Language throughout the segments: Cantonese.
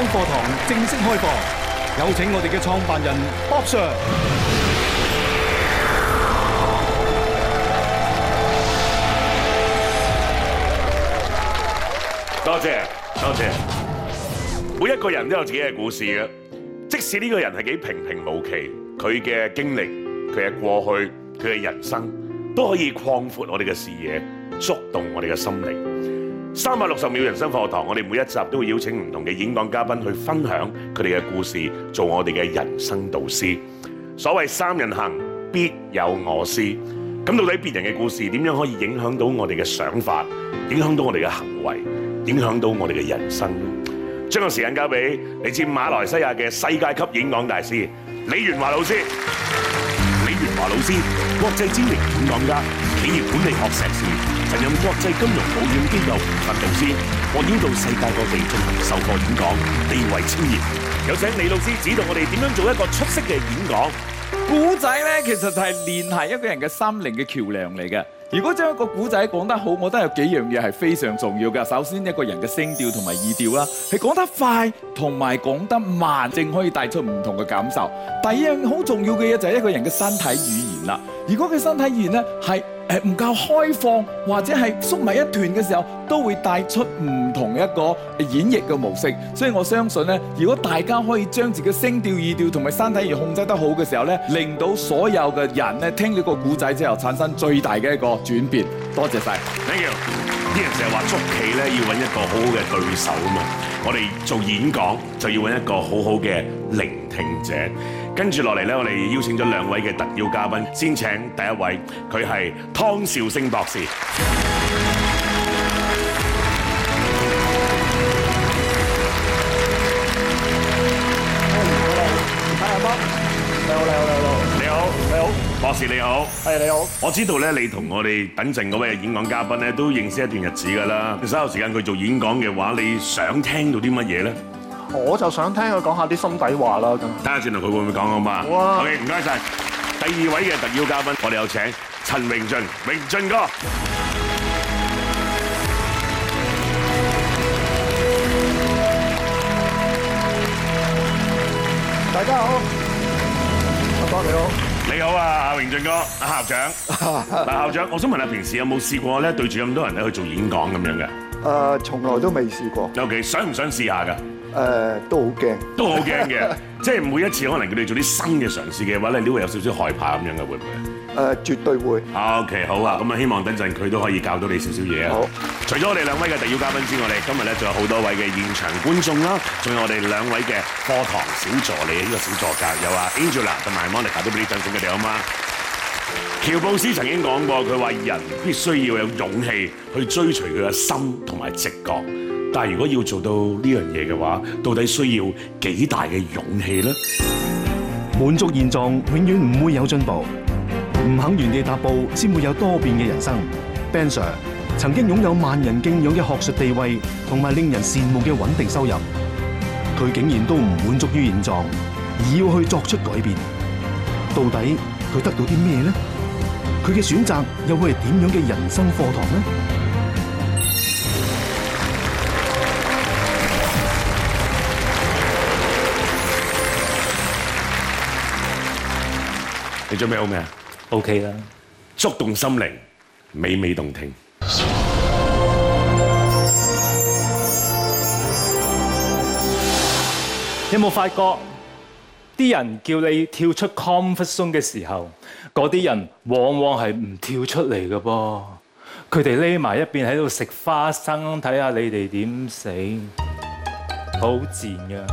新課堂正式開放，有請我哋嘅創辦人 Bob Sir。多謝，多謝，謝。每一個人都有自己嘅故事嘅，即使呢個人係幾平平無奇，佢嘅經歷、佢嘅過去、佢嘅人生，都可以擴闊我哋嘅視野，觸動我哋嘅心靈。三百六十秒人生課堂，我哋每一集都會邀請唔同嘅演講嘉賓去分享佢哋嘅故事，做我哋嘅人生導師。所謂三人行，必有我師。咁到底別人嘅故事點樣可以影響到我哋嘅想法，影響到我哋嘅行為，影響到我哋嘅人生呢？將個時間交俾嚟自馬來西亞嘅世界級演講大師李炫華老師。李炫華老師，國際知名演講家，企業管理學碩士。曾任國際金融保險機構及導師，獲邀到世界各地進行授課演講，地位超然。有請李老師指導我哋點樣做一個出色嘅演講。古仔咧，其實就係連繫一個人嘅心靈嘅橋樑嚟嘅。如果將一個古仔講得好，我覺得有幾樣嘢係非常重要的首先，一個人嘅聲調同埋語調啦，係講得快同埋講得慢，正可以帶出唔同嘅感受。第二樣好重要嘅嘢就係一個人嘅身體語言啦。如果佢身體語言呢係誒唔夠開放，或者係縮埋一段嘅時候，都會帶出唔同一個演繹嘅模式。所以我相信呢，如果大家可以將自己的聲調、語調同埋身體語言控制得好嘅時候呢令到所有嘅人呢，聽咗個古仔之後產生最大嘅一個。轉變，多謝 you！啲人就係話捉棋咧，要揾一個好好嘅對手啊嘛。我哋做演講就要揾一個好好嘅聆聽者。跟住落嚟咧，我哋邀請咗兩位嘅特邀嘉賓，先請第一位，佢係湯兆星博士。博士你好，係你好。我知道咧，你同我哋等陣嗰位演講嘉賓咧都認識一段日子噶啦。稍後時間佢做演講嘅話，你想聽到啲乜嘢咧？我就想聽佢講下啲心底話啦，咁。睇下先啦，佢會唔會講好嘛？哇！OK，唔該晒。謝謝第二位嘅特邀嘉賓，我哋有請陳榮峻，榮峻哥。榮峻哥，阿校長，阿校長，我想問下，平時有冇試過咧對住咁多人咧去做演講咁樣嘅？誒，從來都未試過。OK，想唔想試下噶？誒，都好驚，都好驚嘅。即係每一次可能叫你做啲新嘅嘗試嘅話咧，你都會有少少害怕咁樣嘅，會唔會咧？誒，絕對會。O K，好啊，咁啊，希望等陣佢都可以教到你少少嘢啊。好，除咗我哋兩位嘅特邀嘉賓之外，我哋今日咧仲有好多位嘅現場觀眾啦，仲有我哋兩位嘅課堂小助理，呢個小助教有啊 Angela 同埋 Monica 都俾啲掌聲佢哋好嗎？喬布斯曾經講過，佢話人必須要有勇氣去追隨佢嘅心同埋直覺，但係如果要做到呢樣嘢嘅話，到底需要幾大嘅勇氣呢？滿足現狀永遠唔會有進步，唔肯原地踏步先會有多變嘅人生。Ben Sir 曾經擁有萬人敬仰嘅學術地位同埋令人羨慕嘅穩定收入，佢竟然都唔滿足於現狀，而要去作出改變，到底？佢得到啲咩呢？佢嘅選擇又會係點樣嘅人生課堂呢？你準備好未啊？OK 啦，觸動心靈，娓娓動聽。有冇發覺？啲人叫你跳出 comfort zone 嘅時候，嗰啲人往往係唔跳出嚟嘅噃。佢哋匿埋一邊喺度食花生，睇下你哋點死，好賤㗎、啊。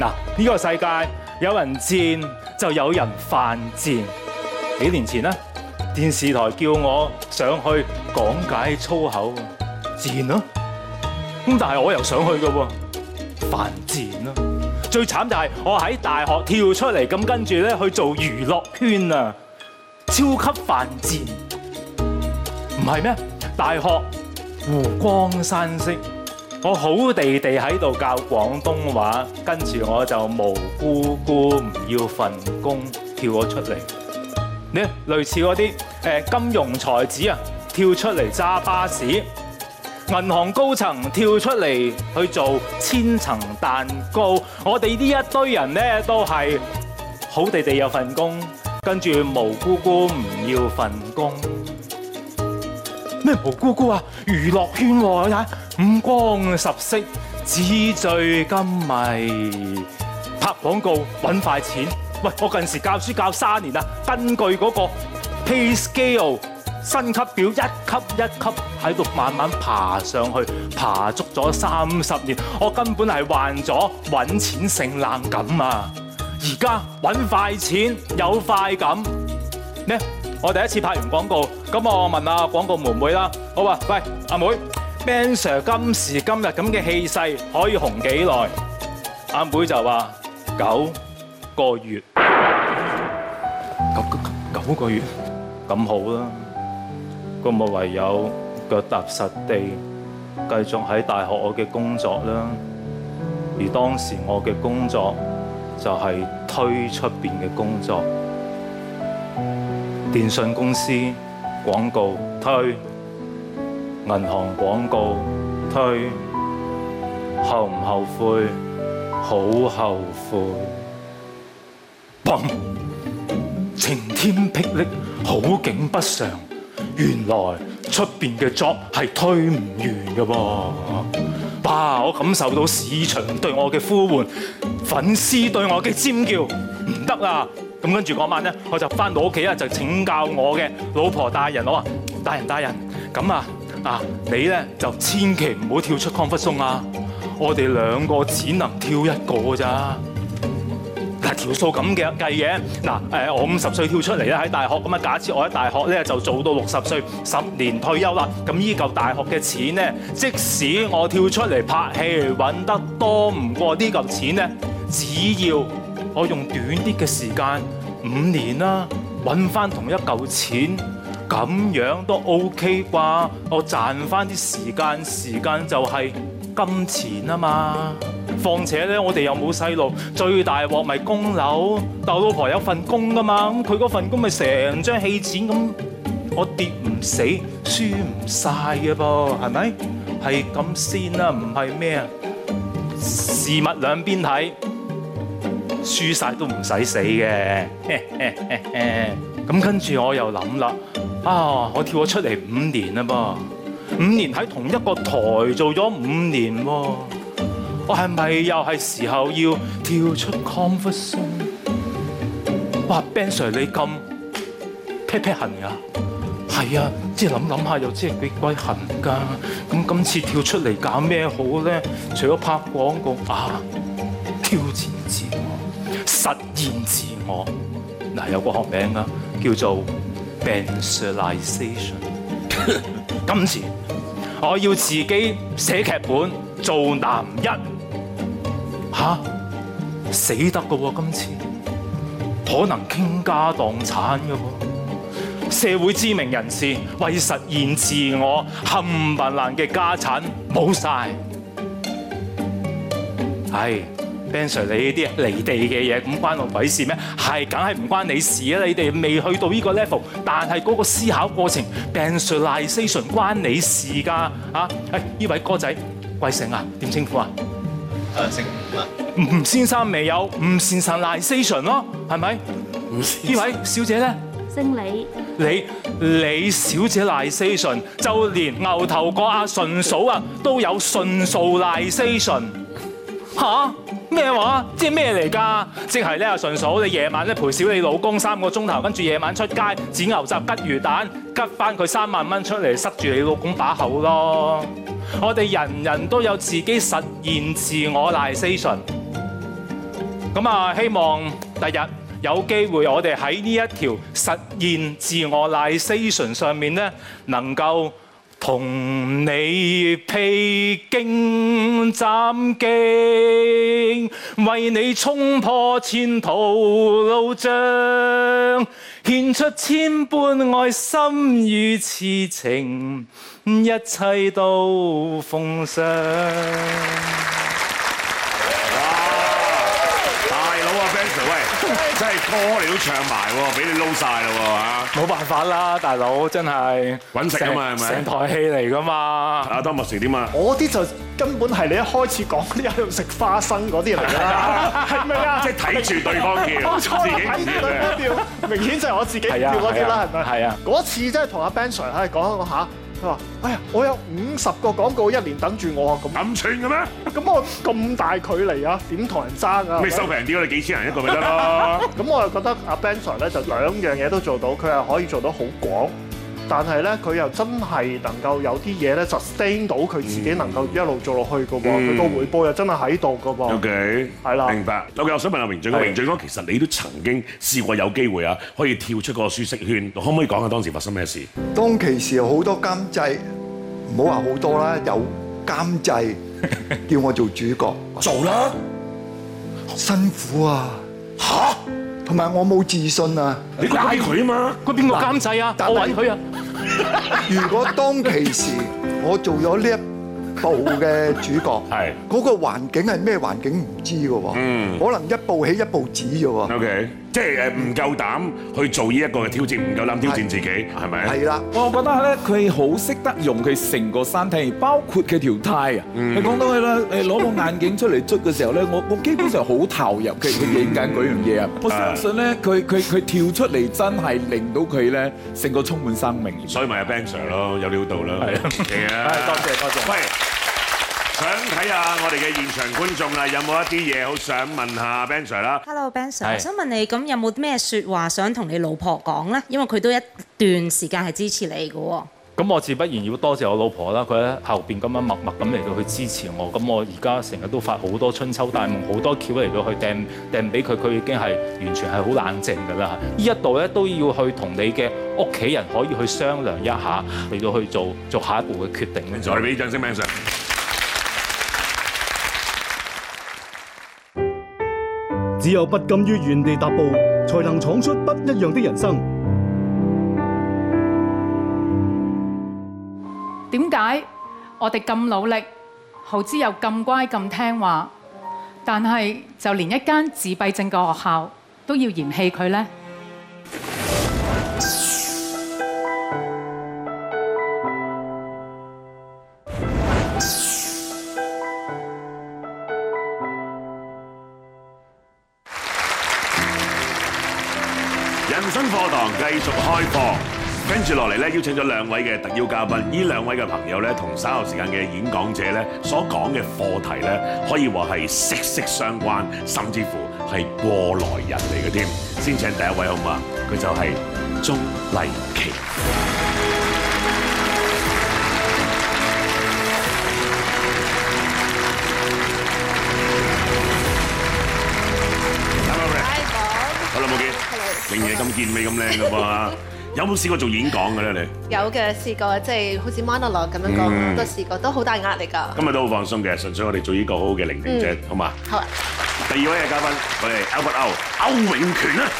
嗱，呢個世界有人賤，就有人犯賤。幾年前啦，電視台叫我上去講解粗口，賤咯、啊。咁但係我又上去㗎喎，犯賤咯、啊。最慘就係我喺大學跳出嚟，咁跟住呢去做娛樂圈啊，超級犯賤，唔係咩？大學湖光山色，我好地地喺度教廣東話，跟住我就無辜辜唔要份工，跳咗出嚟，你類似嗰啲誒金融才子啊，跳出嚟揸巴士。銀行高層跳出嚟去做千層蛋糕，我哋呢一堆人咧都係好地地有份工，跟住無姑姑唔要份工。咩無姑姑啊？娛樂圈你、啊、睇五光十色，紙醉金迷，拍廣告揾快錢。喂，我近時教書教三年啦，根據嗰個 pay scale。新級表一級一級喺度慢慢爬上去，爬足咗三十年，我根本係患咗揾錢性冷感啊！而家揾快錢有快感呢，我第一次拍完廣告，咁我問下廣告妹妹啦，我話：喂，阿妹，Ben Sir 今時今日咁嘅氣勢可以紅幾耐？阿妹，妹就話九個月，九九,九個月咁好啦。咁我唯有腳踏實地，繼續喺大學我嘅工作啦。而當時我嘅工作就係推出面嘅工作，電訊公司廣告推，銀行廣告推，後唔後悔？好後悔！砰！晴天霹靂，好景不常。原來出邊嘅作係推唔完嘅噃！哇，我感受到市場對我嘅呼喚，粉絲對我嘅尖叫，唔得喇！咁跟住嗰晚咧，我就翻到屋企啊，就請教我嘅老婆大人，我話大人大人，咁啊啊，你咧就千祈唔好跳出康復松啊！我哋兩個只能跳一個咋。條數咁嘅計嘢，嗱誒，我五十歲跳出嚟咧喺大學，咁啊假設我喺大學咧就做到六十歲，十年退休啦，咁依嚿大學嘅錢咧，即使我跳出嚟拍戲揾得多唔過呢嚿錢咧，只要我用短啲嘅時間五年啦，揾翻同一嚿錢，咁樣都 OK 啩？我賺翻啲時間，時間就係、是金錢啊嘛，況且咧，我哋又冇細路，最大鑊咪供樓。但我老婆有份工㗎嘛，咁佢嗰份工咪成張氣墊咁，我跌唔死，輸唔晒嘅噃，係咪？係咁先啦，唔係咩？事物兩邊睇，輸晒都唔使死嘅。咁跟住我又諗啦，啊，我跳咗出嚟五年啦噃。五年喺同一個台做咗五年，啊，我係咪又係時候要跳出 comfort zone？哇，Ben sir 你咁劈劈痕呀？係啊，即係諗諗下又知幾鬼痕㗎。咁今次跳出嚟搞咩好咧？除咗拍廣告啊，挑戰自我，實現自我，嗱，有個學名啊，叫做 b e n z e r i z a t i o n 今次。我要自己寫劇本做男一，嚇死得嘅喎！今次可，可能傾家蕩產嘅喎，社會知名人士為實現自我冚唪唥嘅家產冇晒，Ben Sir，你呢啲你哋嘅嘢咁關我鬼事咩？係，梗係唔關你事啊！你哋未去到呢個 level，但係嗰個思考過程，Ben Sir narration 關你事㗎嚇！誒、啊，呢、哎、位哥仔，貴姓啊？點稱呼啊？誒，姓吳啊？吳、啊、先生未有？吳先生 narration 咯，係咪？吳先生。呢位小姐咧？姓李。李李小姐 narration，就連牛頭角阿順嫂啊，都有順嫂 narration。吓、啊？咩話？即係咩嚟㗎？即係咧，純嫂你夜晚咧陪少你老公三個鐘頭，跟住夜晚出街剪牛雜、吉魚蛋，吉返佢三萬蚊出嚟塞住你老公把口咯。我哋人人都有自己實現自我賴 station。咁啊，希望第日有機會，我哋喺呢一條實現自我賴 station 上面咧，能夠。同你披荊斬棘，為你衝破前途路障，獻出千般愛心與痴情，一切都奉上。歌你都唱埋喎，俾你撈晒啦喎嚇！冇辦法啦，大佬真係揾食啊嘛，係咪？成台戲嚟噶嘛！阿多默士點啊？我啲就根本係你一開始講嗰啲喺度食花生嗰啲嚟噶，係咪啊？即係睇住對方叫，自己笑叫對方，明顯就係我自己叫嗰啲啦，係咪？係啊！嗰次真係同阿 Ben Sir 喺度講講嚇。佢話：哎呀，我有五十個廣告一年等住我啊！咁串嘅咩？咁我咁大距離啊，點同人爭啊？你收平啲咯，你幾千人一個咪得啦？咁我又覺得阿 Ben Sir 咧就兩樣嘢都做到，佢係可以做到好廣。但係咧，佢又真係能夠有啲嘢咧，sustain 到佢自己能夠一路做落去嘅喎。佢個回報又真係喺度嘅喎。O K，係啦，明白。我嘅又想問阿榮峻哥，榮峻哥其實你都曾經試過有機會啊，可以跳出個舒適圈，可唔可以講下當時發生咩事？當其時好多監製，唔好話好多啦，有監製叫我做主角，做啦，辛苦啊。嚇！同埋我冇自信啊！你怪佢啊嘛？佢邊個監製啊？我揾佢啊！如果當其時我做咗呢一部嘅主角，係嗰個環境係咩環境唔知嘅喎，嗯、可能一部起一部止啫喎。即係誒唔夠膽去做呢一個嘅挑戰，唔夠膽挑戰自己，係咪啊？係啦，我覺得咧，佢好識得用佢成個身體，包括佢條呔。啊、嗯。佢講到佢啦，誒攞到眼鏡出嚟捽嘅時候咧，我我基本上好投入佢佢影緊嗰樣嘢啊。我相信咧，佢佢佢跳出嚟真係令到佢咧成個充滿生命。所以咪阿 Ben Sir 咯，有料到啦。係啊，多 謝多謝。謝謝。想睇下我哋嘅現場觀眾啦，有冇一啲嘢好想問下 Ben Sir 啦？Hello Ben Sir，我想問你咁有冇咩説話想同你老婆講咧？因為佢都一段時間係支持你嘅喎。咁我自不然要多謝我老婆啦，佢喺後邊咁樣默默咁嚟到去支持我。咁我而家成日都發好多春秋大夢，好多橋嚟到去掟掟俾佢，佢已經係完全係好冷靜嘅啦。呢一度咧都要去同你嘅屋企人可以去商量一下，嚟到去做做下一步嘅決定咧。再俾啲掌聲，Ben Sir。只有不甘於原地踏步，才能闖出不一樣的人生。點解我哋咁努力，豪仔又咁乖咁聽話，但係就連一間自閉症嘅學校都要嫌棄佢呢？咧邀請咗兩位嘅特邀嘉賓，呢兩位嘅朋友咧，同稍後時間嘅演講者咧，所講嘅課題咧，可以話係息息相關，甚至乎係過來人嚟嘅添。先請第一位好唔好？佢就係鍾麗淇。Hello，Hello，冇見，仍然咁健美咁靚噶噃。有冇試過做演講嘅咧？你有嘅試過，即係好似 monologue 咁樣講，都試過，都好大壓力㗎。今日都好放鬆嘅，純粹我哋做呢個好好嘅聆聽者，好嘛？好。第二位嘅嘉賓，我哋 O，不 O，區永權啊！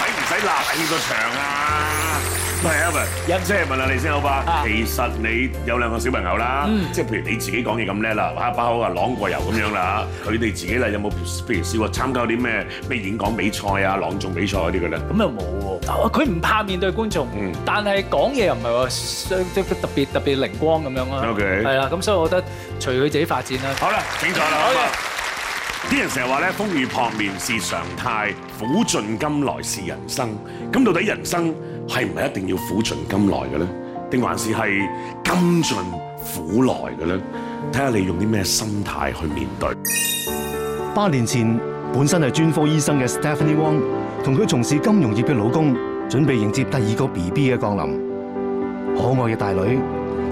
使唔使立起個場啊？唔係，阿文，一即係問下你先好啩。其實你有兩個小朋友啦，即係譬如你自己講嘢咁叻啦，嘩把口啊，朗過油咁樣啦嚇。佢哋自己咧有冇譬如試過參加啲咩咩演講比賽啊、朗誦比賽嗰啲㗎咧？咁又冇喎。佢唔怕面對觀眾，但係講嘢又唔係話即係特別特別靈光咁樣咯。係啦，咁所以我覺得隨佢自己發展啦。好啦，請坐啦，好。啲人成日話咧，風雨撲面是常態，苦盡甘來是人生。咁到底人生係唔係一定要苦盡甘來嘅咧？定還是係甘盡苦來嘅咧？睇下你用啲咩心態去面對。八年前，本身係專科醫生嘅 Stephanie Wong 同佢從事金融業嘅老公，準備迎接第二個 BB 嘅降臨。可愛嘅大女，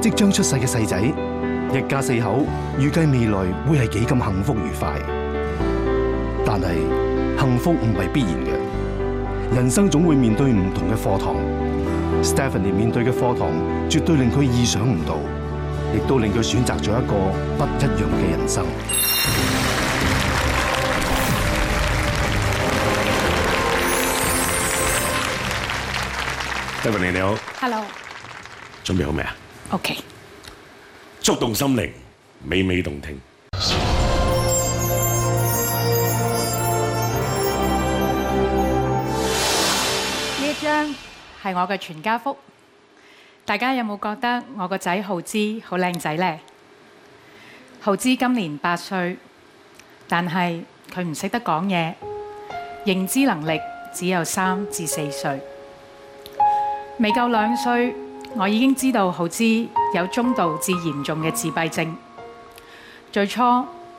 即將出世嘅細仔，一家四口預計未來會係幾咁幸福愉快。但係幸福唔係必然嘅，人生總會面對唔同嘅課堂。Stephanie 面對嘅課堂，絕對令佢意想唔到，亦都令佢選擇咗一個不一樣嘅人生 。Stephanie 你好，Hello，準備好未啊？OK，觸動心靈，娓娓動聽。係我嘅全家福，大家有冇覺得我個仔浩之好靚仔呢？浩之今年八歲，但係佢唔識得講嘢，認知能力只有三至四歲。未夠兩歲，我已經知道浩之有中度至嚴重嘅自閉症。最初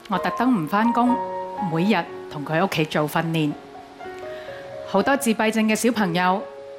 我特登唔返工，每日同佢屋企做訓練。好多自閉症嘅小朋友，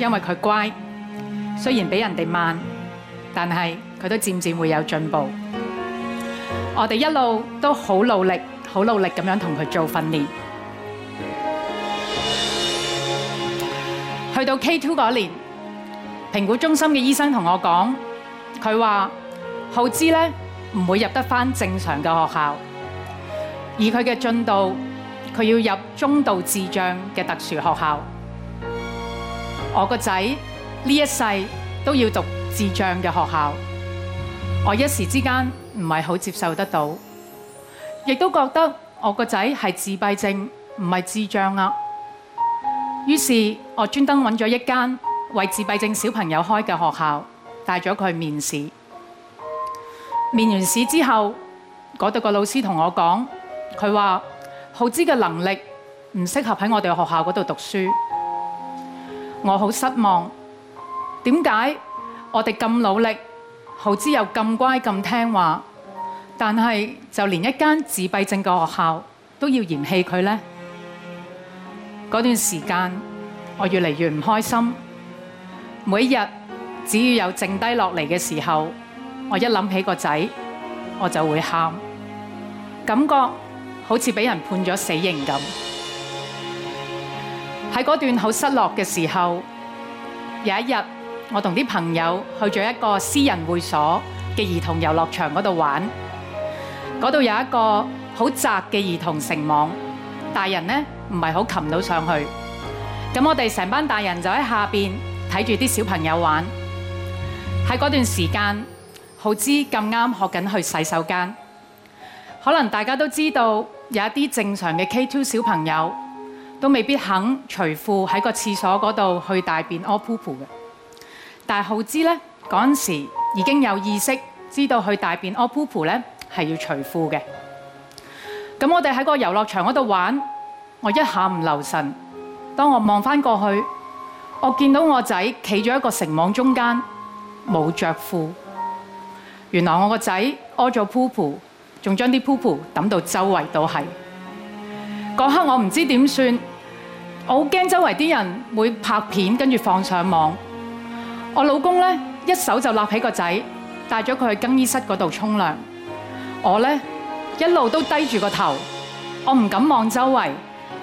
因為佢乖，雖然比人哋慢，但係佢都漸漸會有進步。我哋一路都好努力，好努力咁樣同佢做訓練。去到 K2 嗰年，評估中心嘅醫生同我講，佢話浩之呢，唔會入得返正常嘅學校，而佢嘅進度，佢要入中度智障嘅特殊學校。我個仔呢一世都要讀智障嘅學校，我一時之間唔係好接受得到，亦都覺得我個仔係自閉症，唔係智障啦。於是，我專登揾咗一間為自閉症小朋友開嘅學校，帶咗佢去面試。面完試之後，嗰度個老師同我講，佢話浩知嘅能力唔適合喺我哋學校嗰度讀書。我好失望，點解我哋咁努力，豪之又咁乖咁聽話，但係就連一間自閉症嘅學校都要嫌棄佢呢？嗰段時間，我越嚟越唔開心。每一日只要有剩低落嚟嘅時候，我一諗起個仔，我就會喊，感覺好似俾人判咗死刑咁。喺嗰段好失落嘅時候，有一日我同啲朋友去咗一個私人會所嘅兒童遊樂場嗰度玩，嗰度有一個好窄嘅兒童繩網，大人呢唔係好擒到上去。咁我哋成班大人就喺下面睇住啲小朋友玩。喺嗰段時間，浩知咁啱學緊去洗手間。可能大家都知道有一啲正常嘅 K2 小朋友。都未必肯除褲喺個廁所嗰度去大便屙 poop 嘅。但係好知呢嗰時已經有意識，知道去大便屙 poop 係要除褲嘅。咁我哋喺個遊樂場嗰度玩，我一下唔留神，當我望返過去，我見到我仔企咗一個繩網中間，冇著褲。原來我個仔屙咗 poop，仲將啲 poop 抌到周圍都係。嗰刻我唔知點算。我好驚周圍啲人會拍片，跟住放上網。我老公呢，一手就立起個仔，帶咗佢去更衣室嗰度沖涼。我呢，一路都低住個頭，我唔敢望周圍，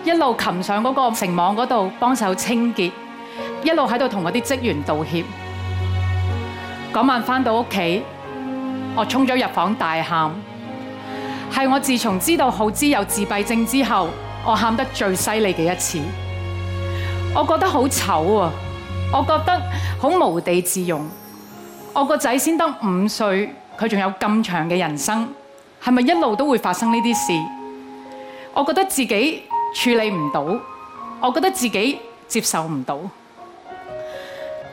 一路擒上嗰個城網嗰度幫手清潔，一路喺度同嗰啲職員道歉。嗰晚返到屋企，我衝咗入房大喊，係我自從知道浩知有自閉症之後，我喊得最犀利嘅一次。我覺得好醜喎，啊！我覺得好無地自容。我個仔先得五歲，佢仲有咁長嘅人生，係咪一路都會發生呢啲事？我覺得自己處理唔到，我覺得自己接受唔到。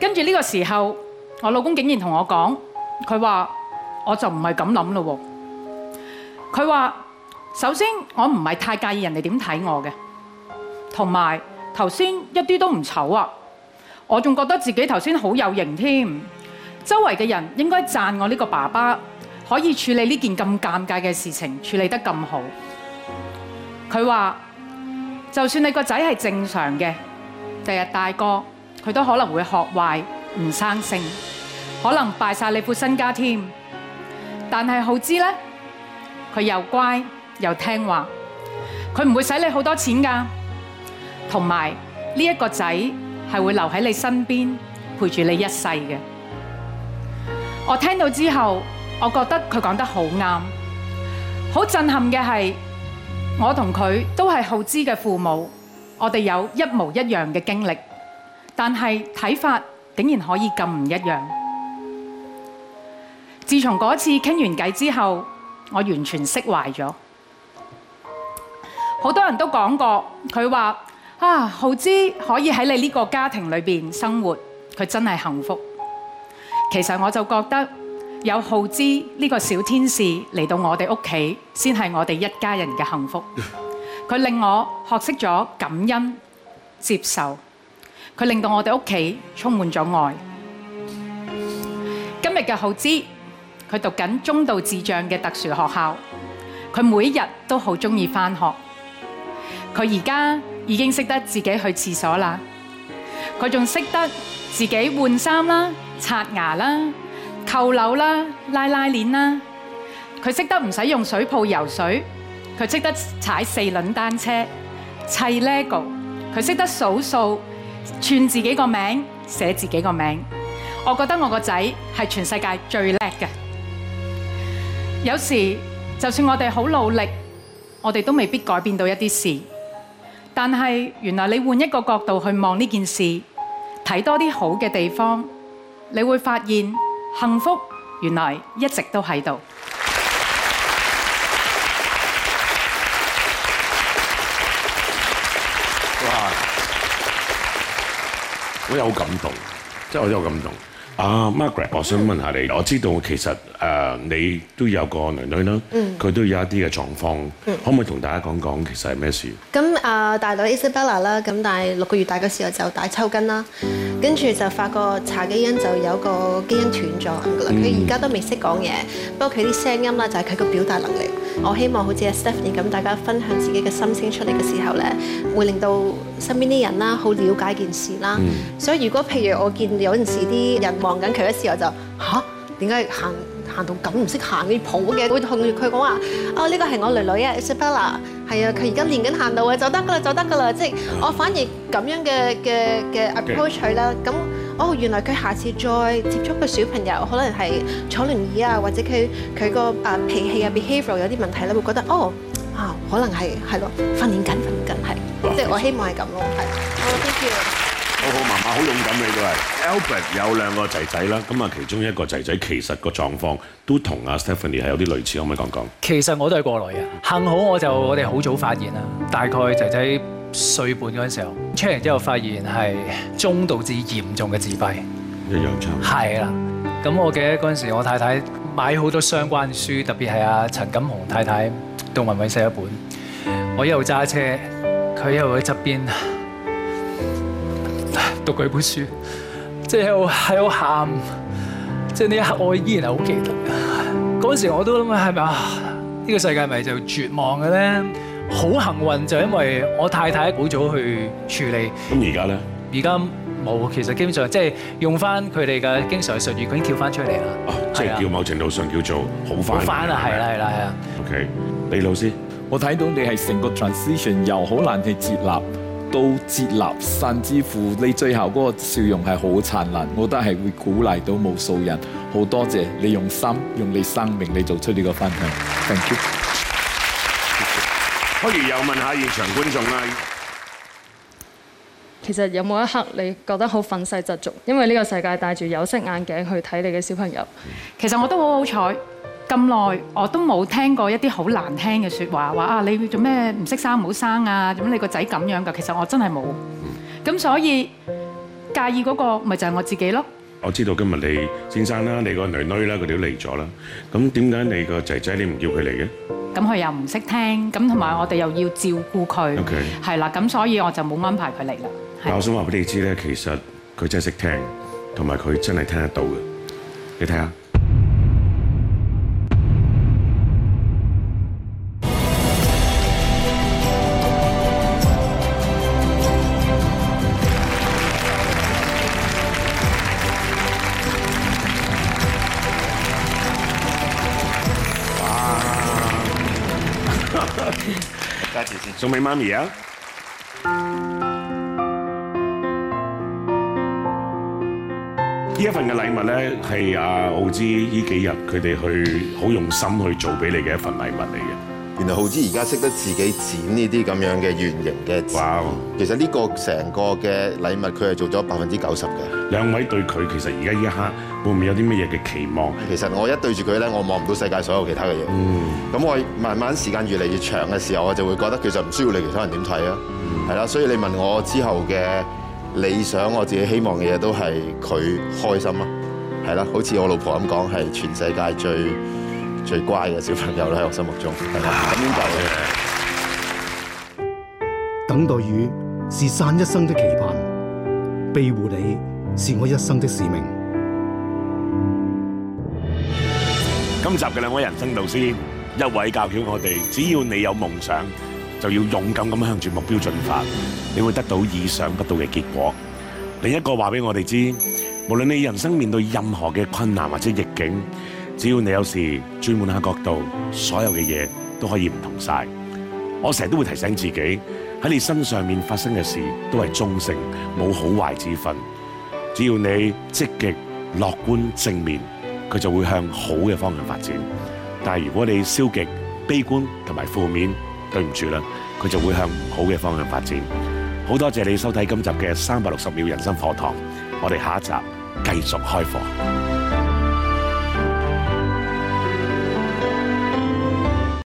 跟住呢個時候，我老公竟然同我講，佢話我就唔係咁諗咯喎。佢話：首先我唔係太介意人哋點睇我嘅，同埋，頭先一啲都唔醜啊！我仲覺得自己頭先好有型添。周圍嘅人應該讚我呢個爸爸可以處理呢件咁尷尬嘅事情，處理得咁好。佢話：就算你個仔係正常嘅，第日大個，佢都可能會學壞唔生性，可能敗曬你副身家添。但係浩之呢，佢又乖又聽話，佢唔會使你好多錢㗎。同埋呢一個仔係會留喺你身邊陪住你一世嘅。我聽到之後，我覺得佢講得好啱。好震撼嘅係，我同佢都係好知嘅父母，我哋有一模一樣嘅經歷，但係睇法竟然可以咁唔一樣。自從嗰次傾完偈之後，我完全釋懷咗。好多人都講過，佢話。啊，浩之可以喺你呢個家庭裏邊生活，佢真係幸福。其實我就覺得有浩之呢個小天使嚟到我哋屋企，先係我哋一家人嘅幸福。佢令我學識咗感恩、接受，佢令到我哋屋企充滿咗愛。今日嘅浩之，佢讀緊中度智障嘅特殊學校，佢每一日都好中意翻學，佢而家，已經識得自己去廁所啦，佢仲識得自己換衫啦、刷牙啦、扣紐啦、拉拉鏈啦。佢識得唔使用用水泡游水，佢識得踩四輪單車、砌 LEGO，佢識得數數、串自己個名、寫自己個名。我覺得我個仔係全世界最叻嘅。有時就算我哋好努力，我哋都未必改變到一啲事。但係，原來你換一個角度去望呢件事，睇多啲好嘅地方，你會發現幸福原來一直都喺度。哇！我有好感動，即係我有好感動。啊，Margaret，我想問下你，我知道我其實。誒，你都有個女女啦，佢都有一啲嘅狀況，可唔可以同大家講講其實係咩事？咁誒，大女 Isabella 啦，咁但係六個月大嘅時候就大抽筋啦，跟住就發覺查基因就有個基因斷咗啦。佢而家都未識講嘢，不過佢啲聲音啦就係佢個表達能力。我希望好似 Stephanie 咁，大家分享自己嘅心聲出嚟嘅時候咧，會令到身邊啲人啦好了解件事啦。所以如果譬如我見有陣時啲人望緊佢嘅時候，時候就吓？點解行？行到咁唔識行嘅抱嘅，會同佢講話。哦，呢個係我女女啊，Isabella。係啊，佢而家練緊行路啊，就得㗎啦，就得㗎啦。即係、就是、我反而咁樣嘅嘅嘅 approach 啦。咁哦，原來佢下次再接觸個小朋友，可能係坐輪椅啊，或者佢佢個啊脾氣啊 behavior 有啲問題咧，會覺得哦啊，可能係係咯，訓練緊訓練緊係。即係、就是、我希望係咁咯。係。好，thank you。謝謝。好好媽媽，好勇敢你都係 Albert 有兩個仔仔啦，咁啊其中一個仔仔其實個狀況都同阿 Stephanie 係有啲類似，可唔可以講講？其實我都係過來人，幸好我就我哋好早發現啦，大概仔仔歲半嗰陣時候 check 完之後發現係中度至嚴重嘅自閉，一樣差。係 啦樂，咁我記得嗰陣時我太太買好多相關書，特別係阿陳錦鴻太太杜文偉寫一本，我一路揸車，佢一路喺側邊。讀佢本書，即係喺度喺度喊，即係呢一刻我依然係好記得。嗰陣時我都諗啊，係咪啊？呢個世界咪就絕望嘅咧？好幸運就因為我太太好早去處理。咁而家咧？而家冇，其實基本上即係用翻佢哋嘅經常嘅術語，已經跳翻出嚟啦。哦，即係叫某程度上叫做好翻。好翻啊！係啦係啦係啦。OK，李老師，我睇到你係成個 transition 又好難去接納。都接納，甚至乎你最後嗰個笑容係好燦爛，我覺得係會鼓勵到無數人。好多謝你用心，用你生命嚟做出呢個分享。 Thank you 謝謝。不如又問下現場觀眾啦。其實有冇一刻你覺得好憤世嫉俗？因為呢個世界戴住有色眼鏡去睇你嘅小朋友。 其實我都好好彩。咁耐我都冇聽過一啲好難聽嘅説話，話啊你做咩唔識生唔好生啊？咁你個仔咁樣噶，其實我真係冇。咁所以介意嗰個咪就係我自己咯。我知道今日你先生啦、你個女女啦，佢哋都嚟咗啦。咁點解你個仔仔你唔叫佢嚟嘅？咁佢又唔識聽，咁同埋我哋又要照顧佢，係啦，咁所以我就冇安排佢嚟啦。嗱，我想話俾你知咧，其實佢真係識聽，同埋佢真係聽得到嘅。你睇下。先，送畀媽咪啊！呢一份嘅禮物呢，係阿奧芝呢依幾日佢哋去好用心去做俾你嘅一份禮物嚟嘅。原來浩子而家識得自己剪呢啲咁樣嘅圓形嘅紙。哇！其實呢個成個嘅禮物佢係做咗百分之九十嘅。兩位對佢其實而家一刻會唔會有啲乜嘢嘅期望？其實我一對住佢咧，我望唔到世界所有其他嘅嘢。嗯。咁我慢慢時間越嚟越長嘅時候，我就會覺得其實唔需要你其他人點睇啊。係啦，所以你問我之後嘅理想，我自己希望嘅嘢都係佢開心啊。係啦，好似我老婆咁講，係全世界最最乖嘅小朋友咧，喺我心目中。等待嘅，等待雨是散一生的期盼，庇護你是我一生的使命。今集嘅兩位人生導師，一位教曉我哋，只要你有夢想，就要勇敢咁向住目標進發，你會得到意想不到嘅結果。另一個話俾我哋知，無論你人生面對任何嘅困難或者逆境。只要你有事轉換下角度，所有嘅嘢都可以唔同晒。我成日都會提醒自己，喺你身上面發生嘅事都係中性，冇好壞之分。只要你積極、樂觀、正面，佢就會向好嘅方向發展。但係如果你消極、悲觀同埋負面，對唔住啦，佢就會向唔好嘅方向發展。好多謝你收睇今集嘅三百六十秒人生課堂，我哋下一集繼續開課。